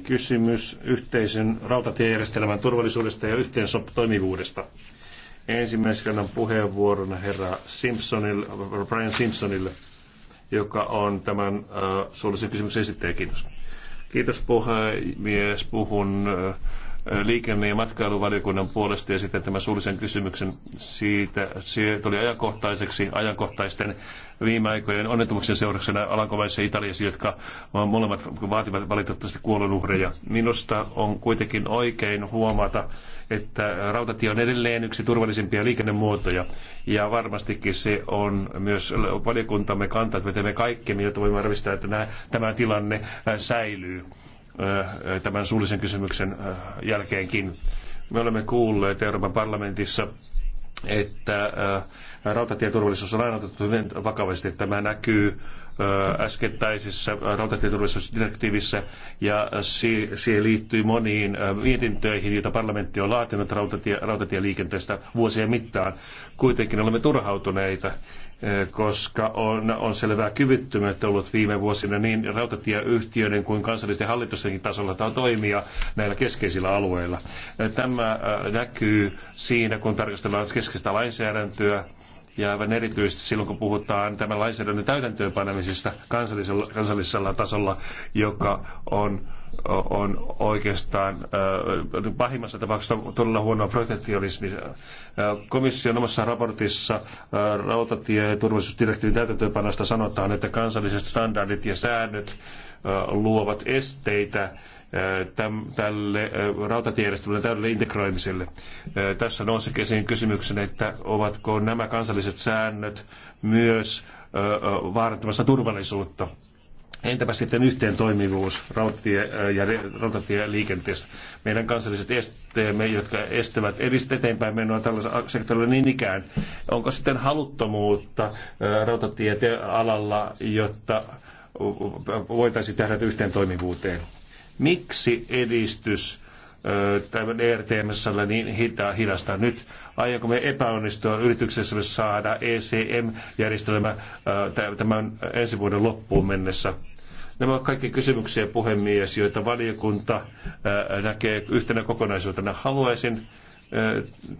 kysymys yhteisen rautatiejärjestelmän turvallisuudesta ja yhteensopivuudesta. Ensimmäisenä puheenvuoron herra Simpsonille, Brian Simpsonille, joka on tämän äh, suullisen kysymyksen esittäjä. Kiitos. Kiitos puhemies. Puhun äh, liikenne- ja matkailuvaliokunnan puolesta ja sitten tämän suullisen kysymyksen siitä. Se tuli ajankohtaiseksi ajankohtaisten viime aikojen onnettomuuksien seurauksena Alankomaissa ja Italiassa, jotka molemmat vaativat valitettavasti kuolonuhreja. Minusta on kuitenkin oikein huomata, että rautatie on edelleen yksi turvallisimpia liikennemuotoja ja varmastikin se on myös valiokuntamme kanta, että me teemme kaikki, mitä voimme varmistaa, että nämä, tämä tilanne säilyy tämän suullisen kysymyksen jälkeenkin. Me olemme kuulleet Euroopan parlamentissa että rautatieturvallisuus on aina otettu hyvin vakavasti. Tämä näkyy äskettäisessä rautatieturvallisuusdirektiivissä ja siihen liittyy moniin mietintöihin, joita parlamentti on laatinut rautatie, rautatieliikenteestä vuosien mittaan. Kuitenkin olemme turhautuneita koska on, on selvää kyvyttömyyttä ollut viime vuosina niin rautatieyhtiöiden kuin kansallisten hallitustenkin tasolla toimia näillä keskeisillä alueilla. Tämä näkyy siinä, kun tarkastellaan keskeistä lainsäädäntöä, ja aivan erityisesti silloin, kun puhutaan tämän lainsäädännön täytäntöönpanemisesta kansallisella, kansallisella tasolla, joka on on oikeastaan pahimmassa tapauksessa todella huonoa protektionismia. Komission omassa raportissa rautatie- ja turvallisuusdirektiivin täytäntöönpanosta sanotaan, että kansalliset standardit ja säännöt luovat esteitä tälle rautatiejärjestelmälle täydelle integroimiselle. Tässä nousi esiin kysymyksen, että ovatko nämä kansalliset säännöt myös vaarantamassa turvallisuutta Entäpä sitten yhteen toimivuus rautatie, ja rautatieliikenteessä? Meidän kansalliset esteemme, jotka estävät edistä eteenpäin menoa tällaisella sektorilla niin ikään. Onko sitten haluttomuutta rautatiealalla, jotta voitaisiin tehdä yhteen toimivuuteen? Miksi edistys tämän ERTMSllä niin hitaa hidasta. Nyt Aiko me epäonnistua yrityksessä saada ECM-järjestelmä tämän ensi vuoden loppuun mennessä Nämä ovat kaikki kysymyksiä, puhemies, joita valiokunta näkee yhtenä kokonaisuutena. Haluaisin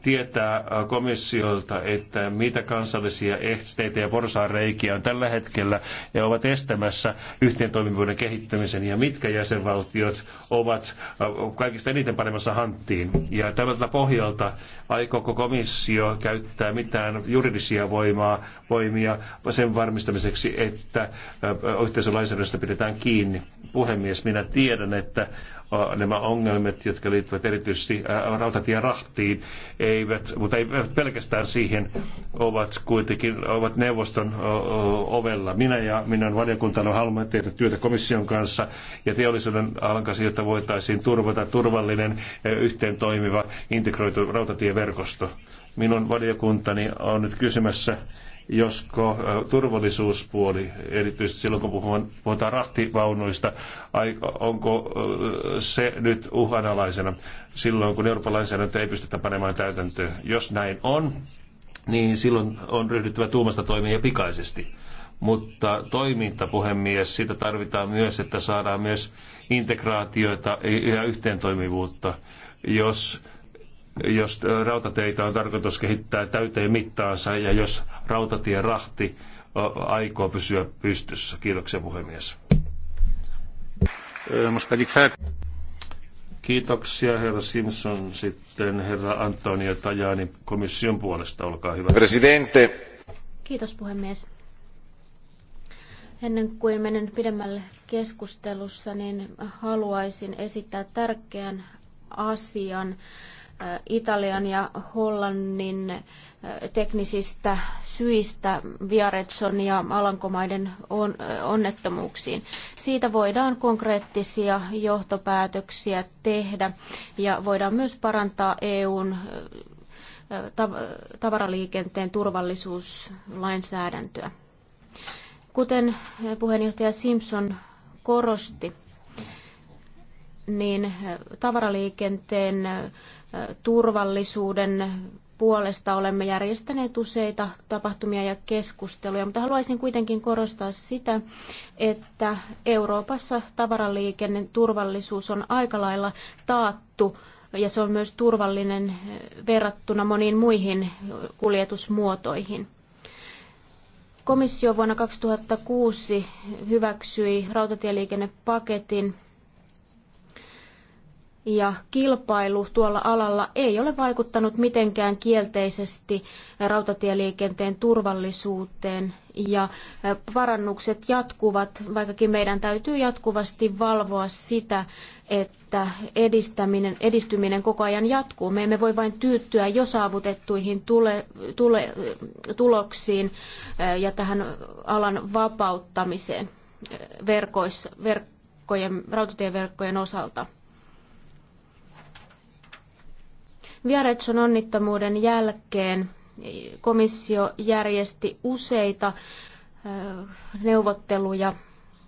tietää komissiolta, että mitä kansallisia esteitä ja porsaanreikiä on tällä hetkellä ja ovat estämässä yhteen toimivuuden kehittämisen ja mitkä jäsenvaltiot ovat kaikista eniten panemassa hanttiin. Ja tällä pohjalta aikooko komissio käyttää mitään juridisia voimaa, voimia sen varmistamiseksi, että lainsäädännöstä pidetään pidetään kiinni. Puhemies, minä tiedän, että nämä ongelmat, jotka liittyvät erityisesti rautatierahtiin, eivät, mutta ei pelkästään siihen, ovat kuitenkin ovat neuvoston ovella. Minä ja minun valiokuntani haluamme tehdä työtä komission kanssa ja teollisuuden alan kanssa, jotta voitaisiin turvata turvallinen, yhteen toimiva, integroitu rautatieverkosto. Minun valiokuntani on nyt kysymässä josko turvallisuuspuoli, erityisesti silloin kun puhutaan rahtivaunuista, onko se nyt uhanalaisena silloin, kun Euroopan lainsäädäntö ei pystytä panemaan täytäntöön. Jos näin on, niin silloin on ryhdyttävä tuumasta toimia pikaisesti. Mutta toiminta, puhemies, sitä tarvitaan myös, että saadaan myös integraatioita ja yhteentoimivuutta. Jos jos rautateitä on tarkoitus kehittää täyteen mittaansa ja jos Rahti aikoo pysyä pystyssä. Kiitoksia puhemies. Kiitoksia herra Simpson. Sitten herra Antonio Tajani komission puolesta, olkaa hyvä. Presidente. Kiitos puhemies. Ennen kuin menen pidemmälle keskustelussa, niin haluaisin esittää tärkeän asian Äh, Italian ja Hollannin äh, teknisistä syistä Viaretson ja Alankomaiden äh, onnettomuuksiin. Siitä voidaan konkreettisia johtopäätöksiä tehdä ja voidaan myös parantaa EUn tavaraliikenteen turvallisuuslainsäädäntöä. Kuten puheenjohtaja Simpson korosti, niin tavaraliikenteen turvallisuuden puolesta olemme järjestäneet useita tapahtumia ja keskusteluja, mutta haluaisin kuitenkin korostaa sitä, että Euroopassa tavaraliikenne turvallisuus on aika lailla taattu ja se on myös turvallinen verrattuna moniin muihin kuljetusmuotoihin. Komissio vuonna 2006 hyväksyi rautatieliikennepaketin, ja kilpailu tuolla alalla ei ole vaikuttanut mitenkään kielteisesti rautatieliikenteen turvallisuuteen ja parannukset jatkuvat, vaikkakin meidän täytyy jatkuvasti valvoa sitä, että edistäminen, edistyminen koko ajan jatkuu. Me emme voi vain tyytyä jo saavutettuihin tule, tule, tuloksiin ja tähän alan vapauttamiseen verkoissa, verkkojen, rautatieverkkojen osalta. Viaretson onnittomuuden jälkeen komissio järjesti useita äh, neuvotteluja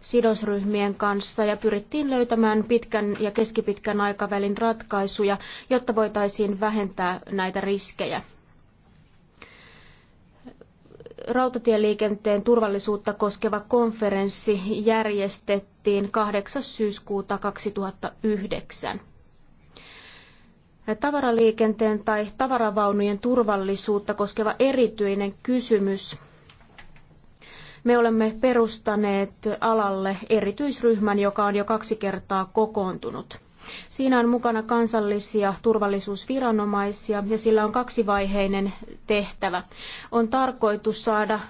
sidosryhmien kanssa ja pyrittiin löytämään pitkän ja keskipitkän aikavälin ratkaisuja, jotta voitaisiin vähentää näitä riskejä. Rautatieliikenteen turvallisuutta koskeva konferenssi järjestettiin 8. syyskuuta 2009 tavaraliikenteen tai tavaravaunujen turvallisuutta koskeva erityinen kysymys. Me olemme perustaneet alalle erityisryhmän, joka on jo kaksi kertaa kokoontunut. Siinä on mukana kansallisia turvallisuusviranomaisia ja sillä on kaksivaiheinen tehtävä. On tarkoitus saada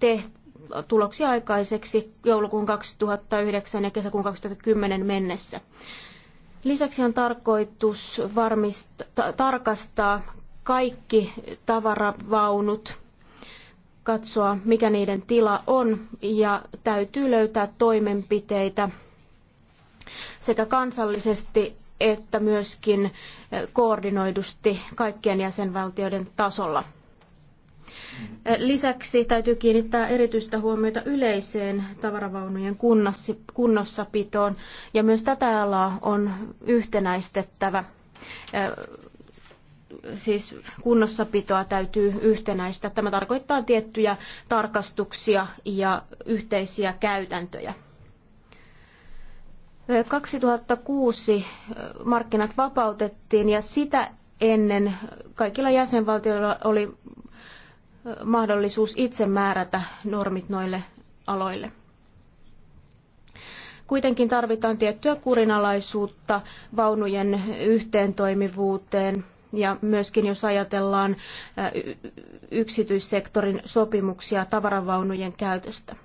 tehtävä tuloksia aikaiseksi joulukuun 2009 ja kesäkuun 2010 mennessä. Lisäksi on tarkoitus varmistaa, tarkastaa kaikki tavaravaunut, katsoa mikä niiden tila on ja täytyy löytää toimenpiteitä sekä kansallisesti että myöskin koordinoidusti kaikkien jäsenvaltioiden tasolla. Lisäksi täytyy kiinnittää erityistä huomiota yleiseen tavaravaunujen kunnossapitoon, ja myös tätä alaa on yhtenäistettävä. Siis kunnossapitoa täytyy yhtenäistää. Tämä tarkoittaa tiettyjä tarkastuksia ja yhteisiä käytäntöjä. 2006 markkinat vapautettiin ja sitä ennen kaikilla jäsenvaltioilla oli mahdollisuus itse määrätä normit noille aloille. Kuitenkin tarvitaan tiettyä kurinalaisuutta vaunujen yhteentoimivuuteen ja myöskin jos ajatellaan yksityissektorin sopimuksia tavaravaunujen käytöstä.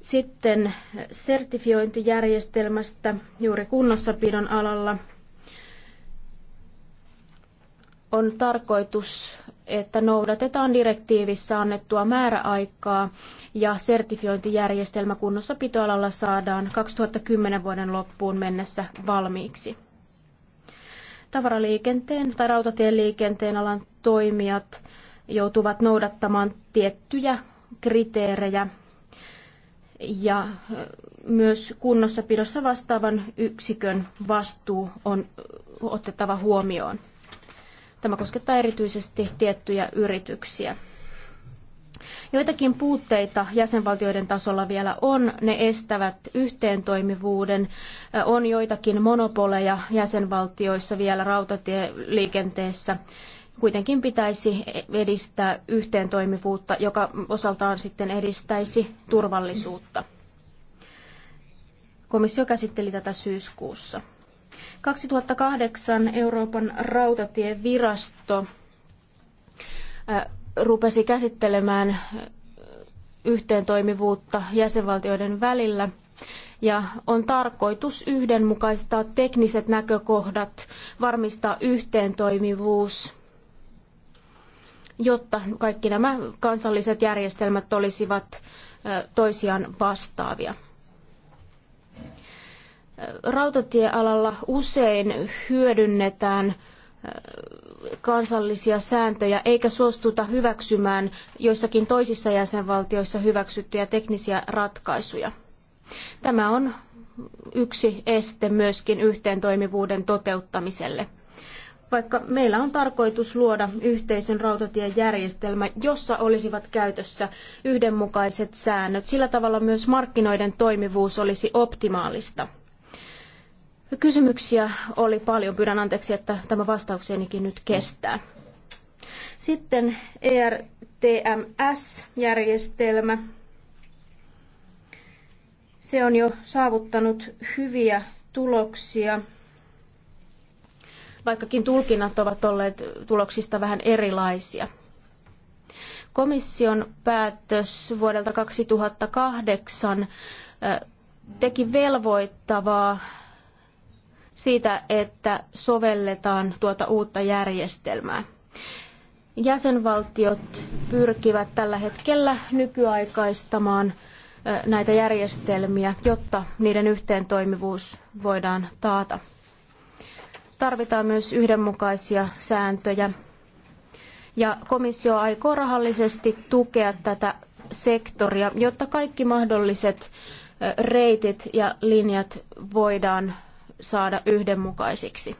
Sitten sertifiointijärjestelmästä juuri kunnossapidon alalla on tarkoitus että noudatetaan direktiivissä annettua määräaikaa ja sertifiointijärjestelmä kunnossapitoalalla saadaan 2010 vuoden loppuun mennessä valmiiksi. Tavaraliikenteen tai rautatien liikenteen alan toimijat joutuvat noudattamaan tiettyjä kriteerejä ja myös kunnossapidossa vastaavan yksikön vastuu on otettava huomioon. Tämä koskettaa erityisesti tiettyjä yrityksiä. Joitakin puutteita jäsenvaltioiden tasolla vielä on. Ne estävät yhteentoimivuuden. On joitakin monopoleja jäsenvaltioissa vielä rautatieliikenteessä. Kuitenkin pitäisi edistää yhteentoimivuutta, joka osaltaan sitten edistäisi turvallisuutta. Komissio käsitteli tätä syyskuussa. 2008 Euroopan rautatievirasto rupesi käsittelemään yhteentoimivuutta jäsenvaltioiden välillä ja on tarkoitus yhdenmukaistaa tekniset näkökohdat, varmistaa yhteentoimivuus, jotta kaikki nämä kansalliset järjestelmät olisivat toisiaan vastaavia rautatiealalla usein hyödynnetään äh, kansallisia sääntöjä eikä suostuta hyväksymään joissakin toisissa jäsenvaltioissa hyväksyttyjä teknisiä ratkaisuja. Tämä on yksi este myöskin yhteentoimivuuden toteuttamiselle. Vaikka meillä on tarkoitus luoda yhteisen rautatiejärjestelmä, jossa olisivat käytössä yhdenmukaiset säännöt, sillä tavalla myös markkinoiden toimivuus olisi optimaalista. Kysymyksiä oli paljon. Pyydän anteeksi, että tämä vastauksenikin nyt kestää. Sitten ERTMS-järjestelmä. Se on jo saavuttanut hyviä tuloksia, vaikkakin tulkinnat ovat olleet tuloksista vähän erilaisia. Komission päätös vuodelta 2008 teki velvoittavaa siitä, että sovelletaan tuota uutta järjestelmää. Jäsenvaltiot pyrkivät tällä hetkellä nykyaikaistamaan näitä järjestelmiä, jotta niiden yhteentoimivuus voidaan taata. Tarvitaan myös yhdenmukaisia sääntöjä ja komissio aikoo rahallisesti tukea tätä sektoria, jotta kaikki mahdolliset reitit ja linjat voidaan saada yhdenmukaisiksi.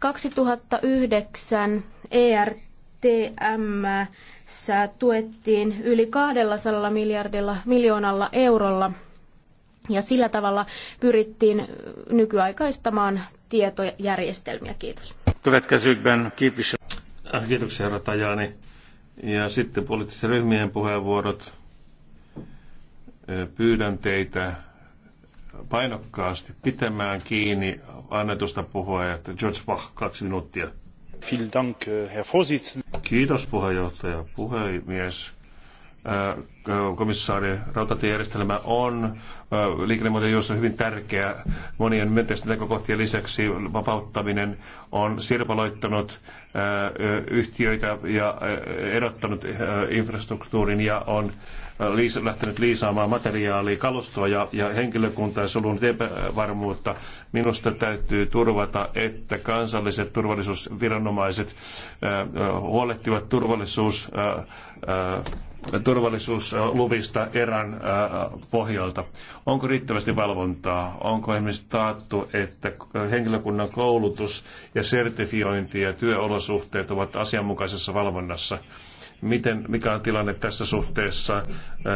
2009 ERTM tuettiin yli 200 miljardilla miljoonalla eurolla ja sillä tavalla pyrittiin nykyaikaistamaan tietojärjestelmiä. Kiitos. Äh, kiitoksia, herra Tajani. Ja sitten poliittisen ryhmien puheenvuorot. Äh, pyydän teitä painokkaasti pitämään kiinni annetusta puheenjohtaja George Bach, kaksi minuuttia. Kiitos puheenjohtaja, puhemies. Äh, komissaari, rautatiejärjestelmä on äh, liikennemuotojuudessa hyvin tärkeä. Monien myönteisten näkökohtien lisäksi vapauttaminen on sirpaloittanut äh, yhtiöitä ja erottanut infrastruktuurin ja on lähtenyt liisaamaan materiaalia, kalustoa ja, ja henkilökuntaa ja solunut epävarmuutta. Minusta täytyy turvata, että kansalliset turvallisuusviranomaiset huolehtivat turvallisuus turvallisuusluvista erän pohjalta. Onko riittävästi valvontaa? Onko esimerkiksi taattu, että henkilökunnan koulutus ja sertifiointi ja työolosuhteet ovat asianmukaisessa valvonnassa? miten, mikä on tilanne tässä suhteessa äh,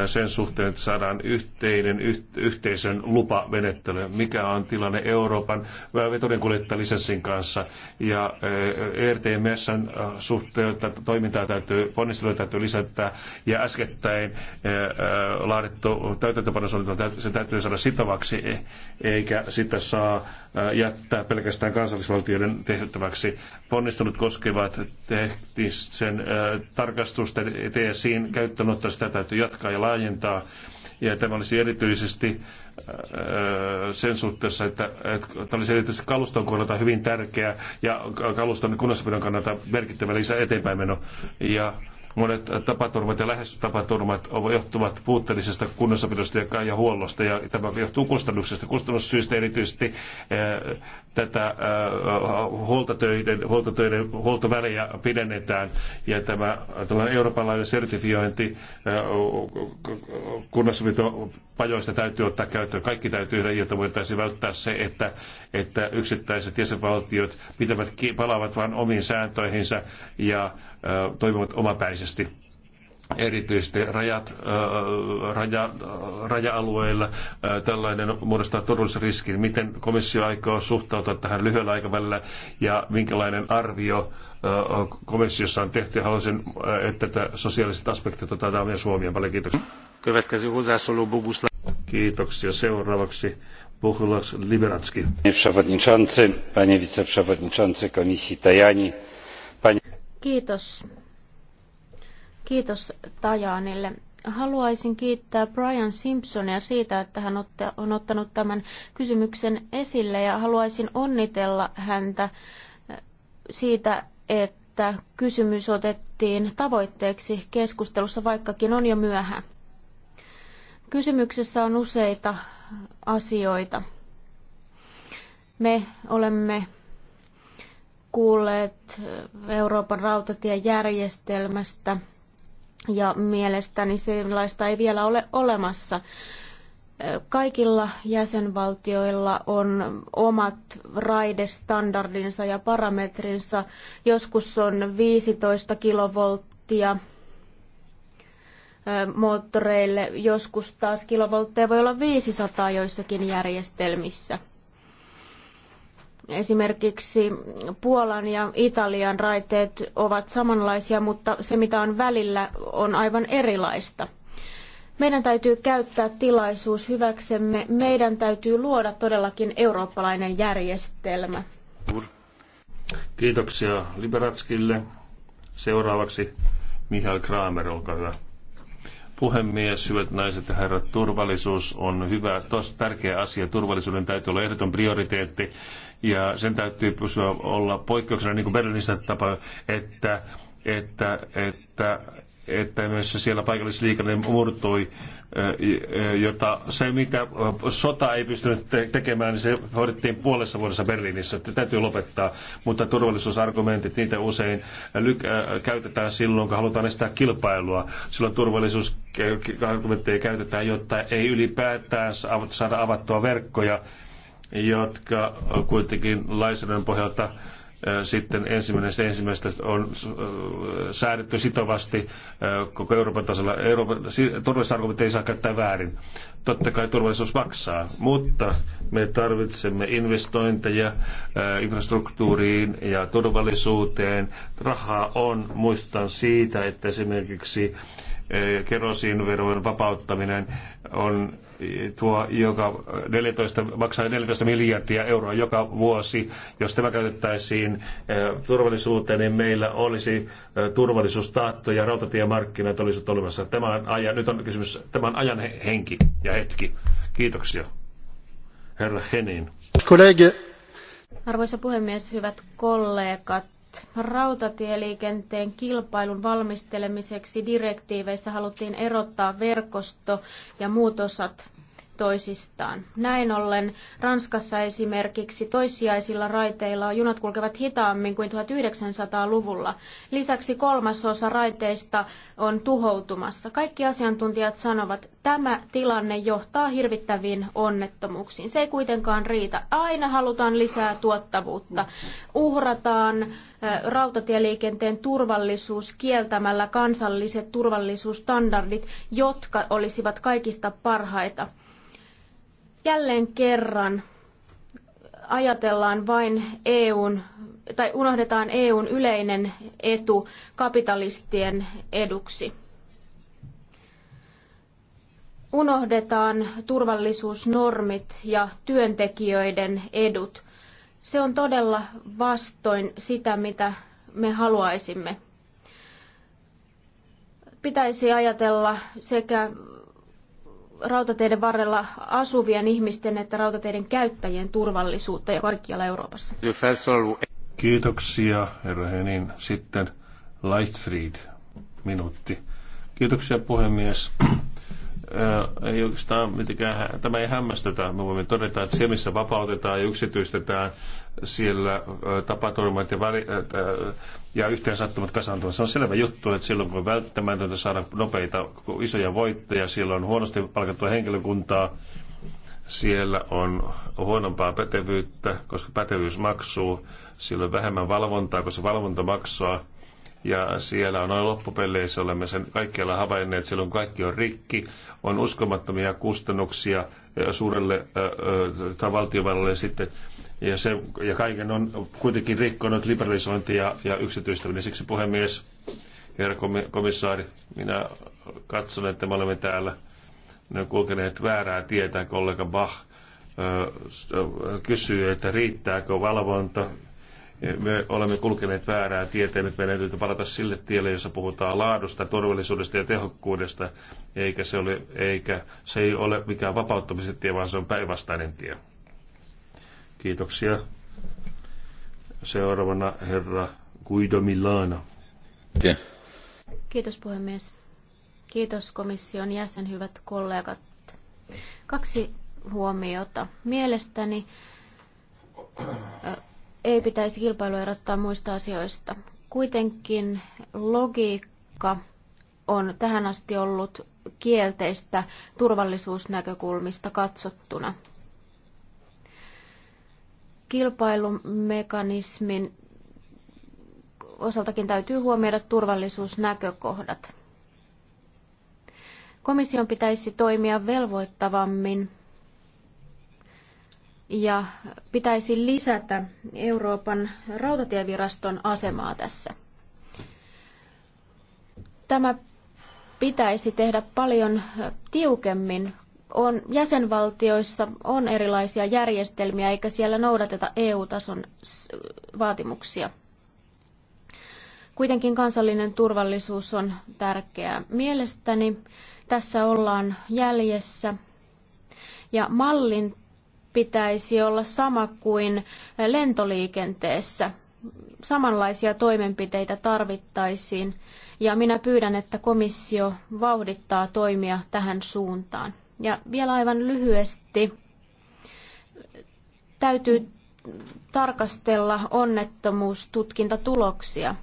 sen suhteen, että saadaan yhteinen yh, yhteisön lupamenettely, mikä on tilanne Euroopan veturinkuljettajalisenssin kanssa ja ERTMSn äh, äh, suhteen, että toimintaa täytyy, ponnisteluja täytyy lisätä ja äskettäin laadittu täytäntöpanosuunnitelma, se täytyy saada sitovaksi, e, eikä sitä saa jättää pelkästään kansallisvaltioiden tehtäväksi. Ponnistelut koskevat sen tarkastelun tarkastusten siinä käyttöönotto, sitä täytyy jatkaa ja laajentaa. Ja tämä olisi erityisesti äh, sen suhteessa, että, että tämä olisi erityisesti kaluston kannalta hyvin tärkeä ja kaluston kunnossapidon kannalta merkittävä lisä eteenpäinmeno. Ja Monet tapaturmat ja lähestytapaturmat johtuvat puutteellisesta kunnossapidosta ja huollosta, ja tämä johtuu kustannuksista. Kustannussyistä erityisesti eh, tätä eh, huoltotöiden, huoltotöiden huoltovälejä pidennetään, ja tämä tällainen laajuinen sertifiointi eh, kunnossapito pajoista täytyy ottaa käyttöön. Kaikki täytyy tehdä, jotta voitaisiin välttää se, että, että yksittäiset jäsenvaltiot pitävät, palaavat vain omiin sääntöihinsä ja ö, toimivat omapäisesti erityisesti rajat, raja, raja-alueilla tällainen muodostaa todellisen riskin. Miten komissio aikoo suhtautua tähän lyhyellä aikavälillä ja minkälainen arvio komissiossa on tehty? Haluaisin, että tätä sosiaaliset aspektit otetaan myös huomioon. Paljon kiitoksia. Kiitoksia. Seuraavaksi Bohulas Liberatski. Panie panie wiceprzewodniczący Tajani. Kiitos Kiitos Tajaanille. Haluaisin kiittää Brian Simpsonia siitä, että hän on ottanut tämän kysymyksen esille ja haluaisin onnitella häntä eh, siitä, että kysymys otettiin tavoitteeksi keskustelussa, vaikkakin on jo myöhä. Kysymyksessä on useita asioita. Me olemme kuulleet eh, Euroopan rautatiejärjestelmästä – ja mielestäni sellaista ei vielä ole olemassa. Kaikilla jäsenvaltioilla on omat raidestandardinsa ja parametrinsa. Joskus on 15 kilovolttia moottoreille, joskus taas kilovoltteja voi olla 500 joissakin järjestelmissä – Esimerkiksi Puolan ja Italian raiteet ovat samanlaisia, mutta se mitä on välillä on aivan erilaista. Meidän täytyy käyttää tilaisuus hyväksemme. Meidän täytyy luoda todellakin eurooppalainen järjestelmä. Kiitoksia Liberatskille. Seuraavaksi Mihail Kramer, olkaa hyvä. Puhemies, hyvät naiset ja herrat, turvallisuus on hyvä, tos, tärkeä asia. Turvallisuuden täytyy olla ehdoton prioriteetti ja sen täytyy pysyä olla poikkeuksena, niin kuin Berliinissä tapa, että, että, että että myös siellä paikallisliikenne murtui, jota se mitä sota ei pystynyt tekemään, niin se hoidettiin puolessa vuodessa Berliinissä, Tätä täytyy lopettaa. Mutta turvallisuusargumentit, niitä usein käytetään silloin, kun halutaan estää kilpailua. Silloin turvallisuusargumentteja käytetään, jotta ei ylipäätään saada avattua verkkoja jotka kuitenkin lainsäädännön pohjalta sitten ensimmäinen ensimmäistä on säädetty sitovasti koko Euroopan tasolla. Euroopan turvallisuusargumentti ei saa käyttää väärin. Totta kai turvallisuus maksaa, mutta me tarvitsemme investointeja infrastruktuuriin ja turvallisuuteen. Rahaa on, muistutan siitä, että esimerkiksi Eh, kerosiinveron vapauttaminen on eh, tuo, joka 14, maksaa 14 miljardia euroa joka vuosi. Jos tämä käytettäisiin eh, turvallisuuteen, niin meillä olisi turvallisuustaatto ja rautatiemarkkinat olisivat olemassa. Tämä on ajan, nyt on kysymys, tämän ajan henki ja hetki. Kiitoksia. Herra Henin. Kollegi. Arvoisa puhemies, hyvät kollegat rautatieliikenteen kilpailun valmistelemiseksi direktiiveissä haluttiin erottaa verkosto ja muut osat toisistaan. Näin ollen Ranskassa esimerkiksi toissijaisilla raiteilla junat kulkevat hitaammin kuin 1900-luvulla. Lisäksi kolmasosa raiteista on tuhoutumassa. Kaikki asiantuntijat sanovat, että tämä tilanne johtaa hirvittäviin onnettomuuksiin. Se ei kuitenkaan riitä. Aina halutaan lisää tuottavuutta. Uhrataan rautatieliikenteen turvallisuus kieltämällä kansalliset turvallisuusstandardit, jotka olisivat kaikista parhaita. Jälleen kerran ajatellaan vain EUn tai unohdetaan EUn yleinen etu kapitalistien eduksi. Unohdetaan turvallisuusnormit ja työntekijöiden edut. Se on todella vastoin sitä, mitä me haluaisimme. Pitäisi ajatella sekä rautateiden varrella asuvien ihmisten että rautateiden käyttäjien turvallisuutta ja kaikkialla Euroopassa. Kiitoksia, herra Henin. Sitten Lightfried, minuutti. Kiitoksia, puhemies ei oikeastaan mitenkään, tämä ei hämmästytä. Me voimme todeta, että siellä missä vapautetaan ja yksityistetään, siellä tapaturmat ja, väli, ja sattumat kasaantuvat. Se on selvä juttu, että silloin kun välttämätöntä saada nopeita isoja voittoja, siellä on huonosti palkattua henkilökuntaa, siellä on huonompaa pätevyyttä, koska pätevyys maksuu, siellä on vähemmän valvontaa, koska valvonta maksaa – ja siellä on noin loppupeleissä, olemme sen kaikkialla havainneet, silloin kaikki on rikki, on uskomattomia kustannuksia suurelle valtiovallalle sitten, ja, se, ja kaiken on kuitenkin rikkonut liberalisointi ja, ja yksityistäminen. Siksi puhemies, herra komissaari, minä katson, että me olemme täällä ne on kulkeneet väärää tietä, kollega Bach kysyy, että riittääkö valvonta Eh, me olemme kulkeneet väärää tietä ja nyt meidän täytyy palata sille tielle, jossa puhutaan laadusta, turvallisuudesta ja tehokkuudesta, eikä se, ole, eikä se ei ole mikään vapauttamisen tie, vaan se on päinvastainen tie. Kiitoksia. Seuraavana herra Guido Milano. Kiitos puhemies. Kiitos komission jäsen, hyvät kollegat. Kaksi huomiota. Mielestäni ei pitäisi kilpailu erottaa muista asioista. Kuitenkin logiikka on tähän asti ollut kielteistä turvallisuusnäkökulmista katsottuna. Kilpailumekanismin osaltakin täytyy huomioida turvallisuusnäkökohdat. Komission pitäisi toimia velvoittavammin ja pitäisi lisätä Euroopan rautatieviraston asemaa tässä. Tämä pitäisi tehdä paljon tiukemmin. On, jäsenvaltioissa on erilaisia järjestelmiä, eikä siellä noudateta EU-tason vaatimuksia. Kuitenkin kansallinen turvallisuus on tärkeää. Mielestäni tässä ollaan jäljessä ja mallin pitäisi olla sama kuin lentoliikenteessä. Samanlaisia toimenpiteitä tarvittaisiin ja minä pyydän, että komissio vauhdittaa toimia tähän suuntaan. Ja vielä aivan lyhyesti täytyy tarkastella onnettomuustutkintatuloksia.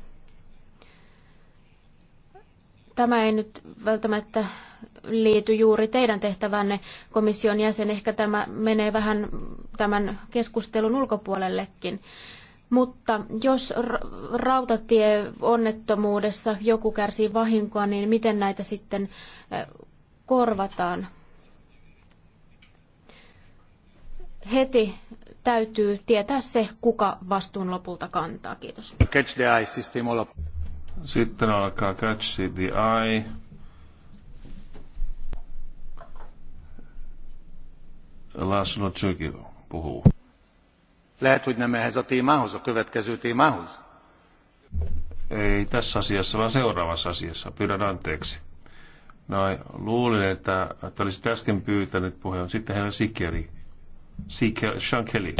Tämä ei nyt välttämättä liity juuri teidän tehtävänne komission jäsen. Ehkä tämä menee vähän tämän keskustelun ulkopuolellekin. Mutta jos rautatieonnettomuudessa joku kärsii vahinkoa, niin miten näitä sitten korvataan? Heti täytyy tietää se, kuka vastuun lopulta kantaa. Kiitos. Catch the eye, Sitten alkaa Catch the Eye László Csöki puhuu. Lehet, hogy nem ehhez a témához, a következő témához? Ei tässä asiassa, vaan seuraavassa asiassa. Pyydän anteeksi. No, luulin, että, että olisit äsken pyytänyt puheen. Sitten hän Sikeri. Sikeri, Sean Kelly.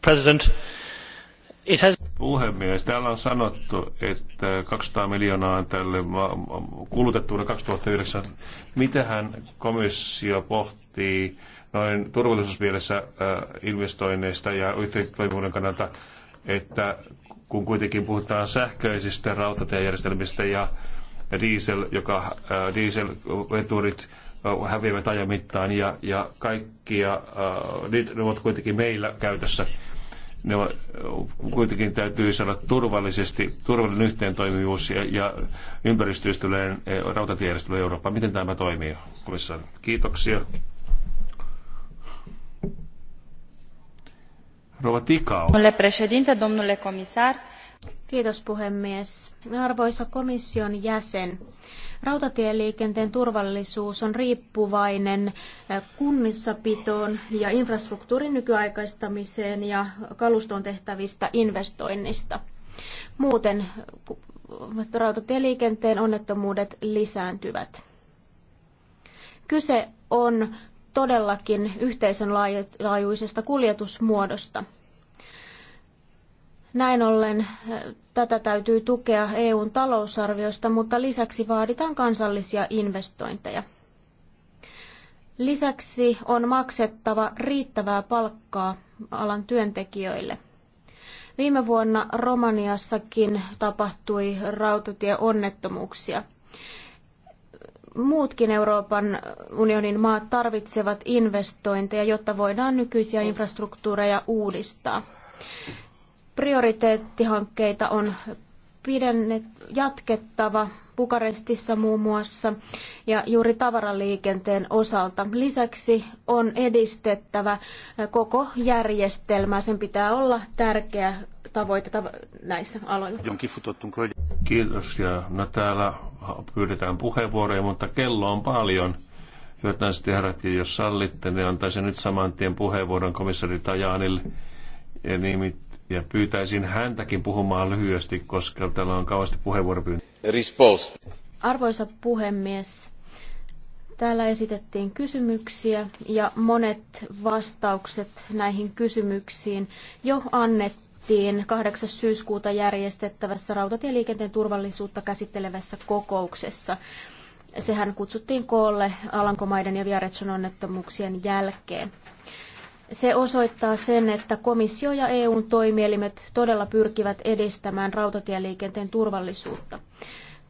President, it has... Puhemies, täällä on sanottu, että 200 miljoonaa on tälle kulutettu vuonna 2009. Mitähän komissio pohtii? huolehtii noin turvallisuusmielessä äh, investoinneista ja yhteistoimivuuden kannalta, että kun kuitenkin puhutaan sähköisistä rautatiejärjestelmistä ja diesel, joka, äh, dieselveturit äh, häviävät ajan mittaan ja, ja kaikkia, ne ovat kuitenkin meillä käytössä. Ne on, kuitenkin täytyy saada turvallisesti, turvallinen yhteentoimivuus ja, ja ympäristöystävällinen rautatiejärjestely Eurooppaan. Miten tämä toimii, komissaari? Kiitoksia. Rouva Tikau. Domnule komissaar. Kiitos puhemies. Arvoisa komission jäsen, rautatieliikenteen turvallisuus on riippuvainen eh, kunnissapitoon ja infrastruktuurin nykyaikaistamiseen ja kalustoon tehtävistä investoinnista. Muuten eh, rautatieliikenteen onnettomuudet lisääntyvät. Kyse on todellakin yhteisön laajuisesta kuljetusmuodosta. Näin ollen eh, tätä täytyy tukea EUn talousarviosta, mutta lisäksi vaaditaan kansallisia investointeja. Lisäksi on maksettava riittävää palkkaa alan työntekijöille. Viime vuonna Romaniassakin tapahtui rautatieonnettomuuksia muutkin Euroopan unionin maat tarvitsevat investointeja, jotta voidaan nykyisiä infrastruktuureja uudistaa. Prioriteettihankkeita on pidennet, jatkettava Bukarestissa muun muassa ja juuri tavaraliikenteen osalta. Lisäksi on edistettävä koko järjestelmää. Sen pitää olla tärkeä tavoite näissä aloilla. Kiitoksia. No täällä pyydetään puheenvuoroja, mutta kello on paljon. Hyvät naiset ja herrat, jos sallitte, niin antaisin nyt saman tien puheenvuoron komissari Tajaanille. ja, nimit, ja pyytäisin häntäkin puhumaan lyhyesti, koska täällä on kauheasti puheenvuoropyyntö. Arvoisa puhemies, täällä esitettiin kysymyksiä ja monet vastaukset näihin kysymyksiin jo annettiin päätettiin 8. syyskuuta järjestettävässä rautatieliikenteen turvallisuutta käsittelevässä kokouksessa. Sehän kutsuttiin koolle Alankomaiden ja Viaretson onnettomuuksien jälkeen. Se osoittaa sen, että komissio ja EUn toimielimet todella pyrkivät edistämään rautatieliikenteen turvallisuutta.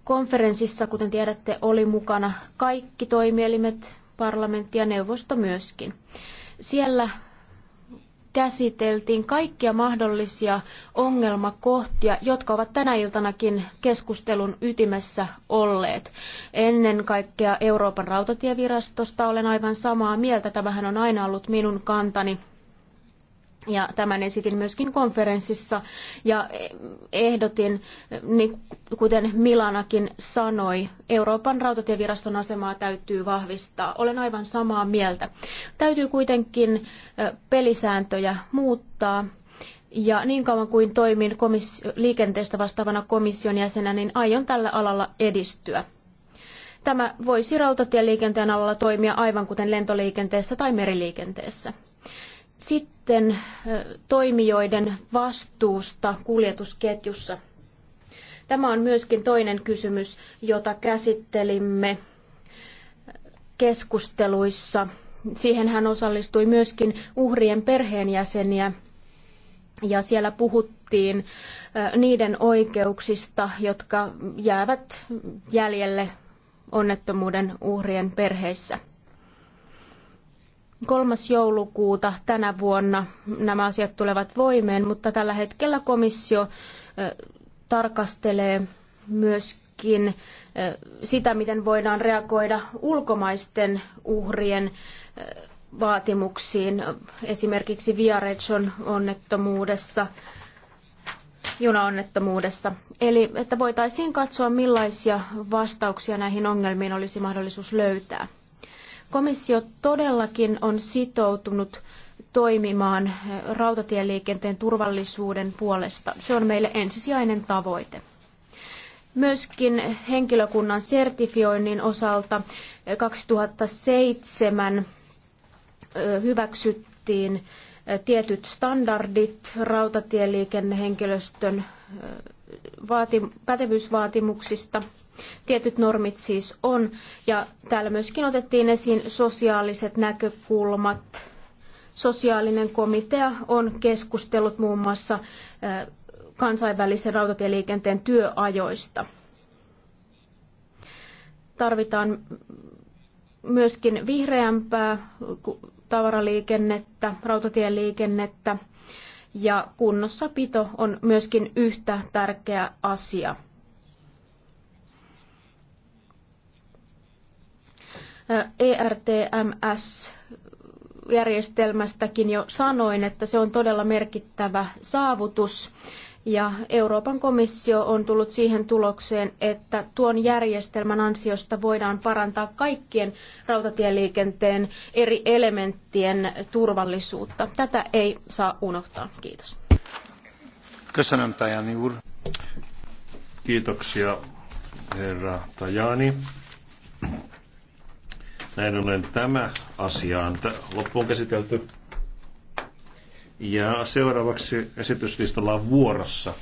Konferenssissa, kuten tiedätte, oli mukana kaikki toimielimet, parlamentti ja neuvosto myöskin. Siellä käsiteltiin kaikkia mahdollisia ongelmakohtia, jotka ovat tänä iltanakin keskustelun ytimessä olleet. Ennen kaikkea Euroopan rautatievirastosta olen aivan samaa mieltä. Tämähän on aina ollut minun kantani ja tämän esitin myöskin konferenssissa ja ehdotin, niin kuten Milanakin sanoi, Euroopan rautatieviraston asemaa täytyy vahvistaa. Olen aivan samaa mieltä. Täytyy kuitenkin pelisääntöjä muuttaa. Ja niin kauan kuin toimin liikenteestä vastaavana komission jäsenä, niin aion tällä alalla edistyä. Tämä voisi rautatieliikenteen alalla toimia aivan kuten lentoliikenteessä tai meriliikenteessä. Sitten toimijoiden vastuusta kuljetusketjussa. Tämä on myöskin toinen kysymys, jota käsittelimme keskusteluissa. Siihen hän osallistui myöskin uhrien perheenjäseniä ja siellä puhuttiin niiden oikeuksista, jotka jäävät jäljelle onnettomuuden uhrien perheissä. 3. joulukuuta tänä vuonna nämä asiat tulevat voimeen, mutta tällä hetkellä komissio tarkastelee myöskin sitä, miten voidaan reagoida ulkomaisten uhrien vaatimuksiin, esimerkiksi Viareggion onnettomuudessa, junaonnettomuudessa. Eli että voitaisiin katsoa, millaisia vastauksia näihin ongelmiin olisi mahdollisuus löytää. Komissio todellakin on sitoutunut toimimaan rautatieliikenteen turvallisuuden puolesta. Se on meille ensisijainen tavoite. Myöskin henkilökunnan sertifioinnin osalta 2007 hyväksyttiin tietyt standardit rautatieliikennehenkilöstön vaati- pätevyysvaatimuksista – Tietyt normit siis on. Ja täällä myöskin otettiin esiin sosiaaliset näkökulmat. Sosiaalinen komitea on keskustellut muun muassa kansainvälisen rautatieliikenteen työajoista. Tarvitaan myöskin vihreämpää tavaraliikennettä, rautatieliikennettä ja kunnossapito on myöskin yhtä tärkeä asia. ERTMS järjestelmästäkin jo sanoin, että se on todella merkittävä saavutus. Ja Euroopan komissio on tullut siihen tulokseen, että tuon järjestelmän ansiosta voidaan parantaa kaikkien rautatieliikenteen eri elementtien turvallisuutta. Tätä ei saa unohtaa. Kiitos. Kiitoksia, herra Tajani. Näin ollen tämä asia on loppuun käsitelty. Ja seuraavaksi esityslistalla on vuorossa.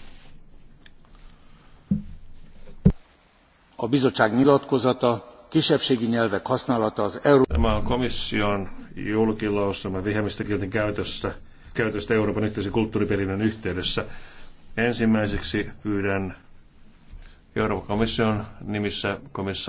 A bizottság nyilatkozata kisebbségi nyelvek használata az Euró... Tämä on komission julkilausuma vihemmistä kielten käytöstä, käytöstä Euroopan yhteisen kulttuuriperinnön yhteydessä. Ensimmäiseksi pyydän Euroopan komission nimissä komissaari